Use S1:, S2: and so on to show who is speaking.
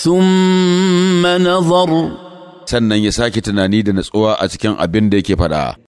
S1: ثم نظر sannan ya sake tunani da natsuwa a cikin abin da yake faɗa.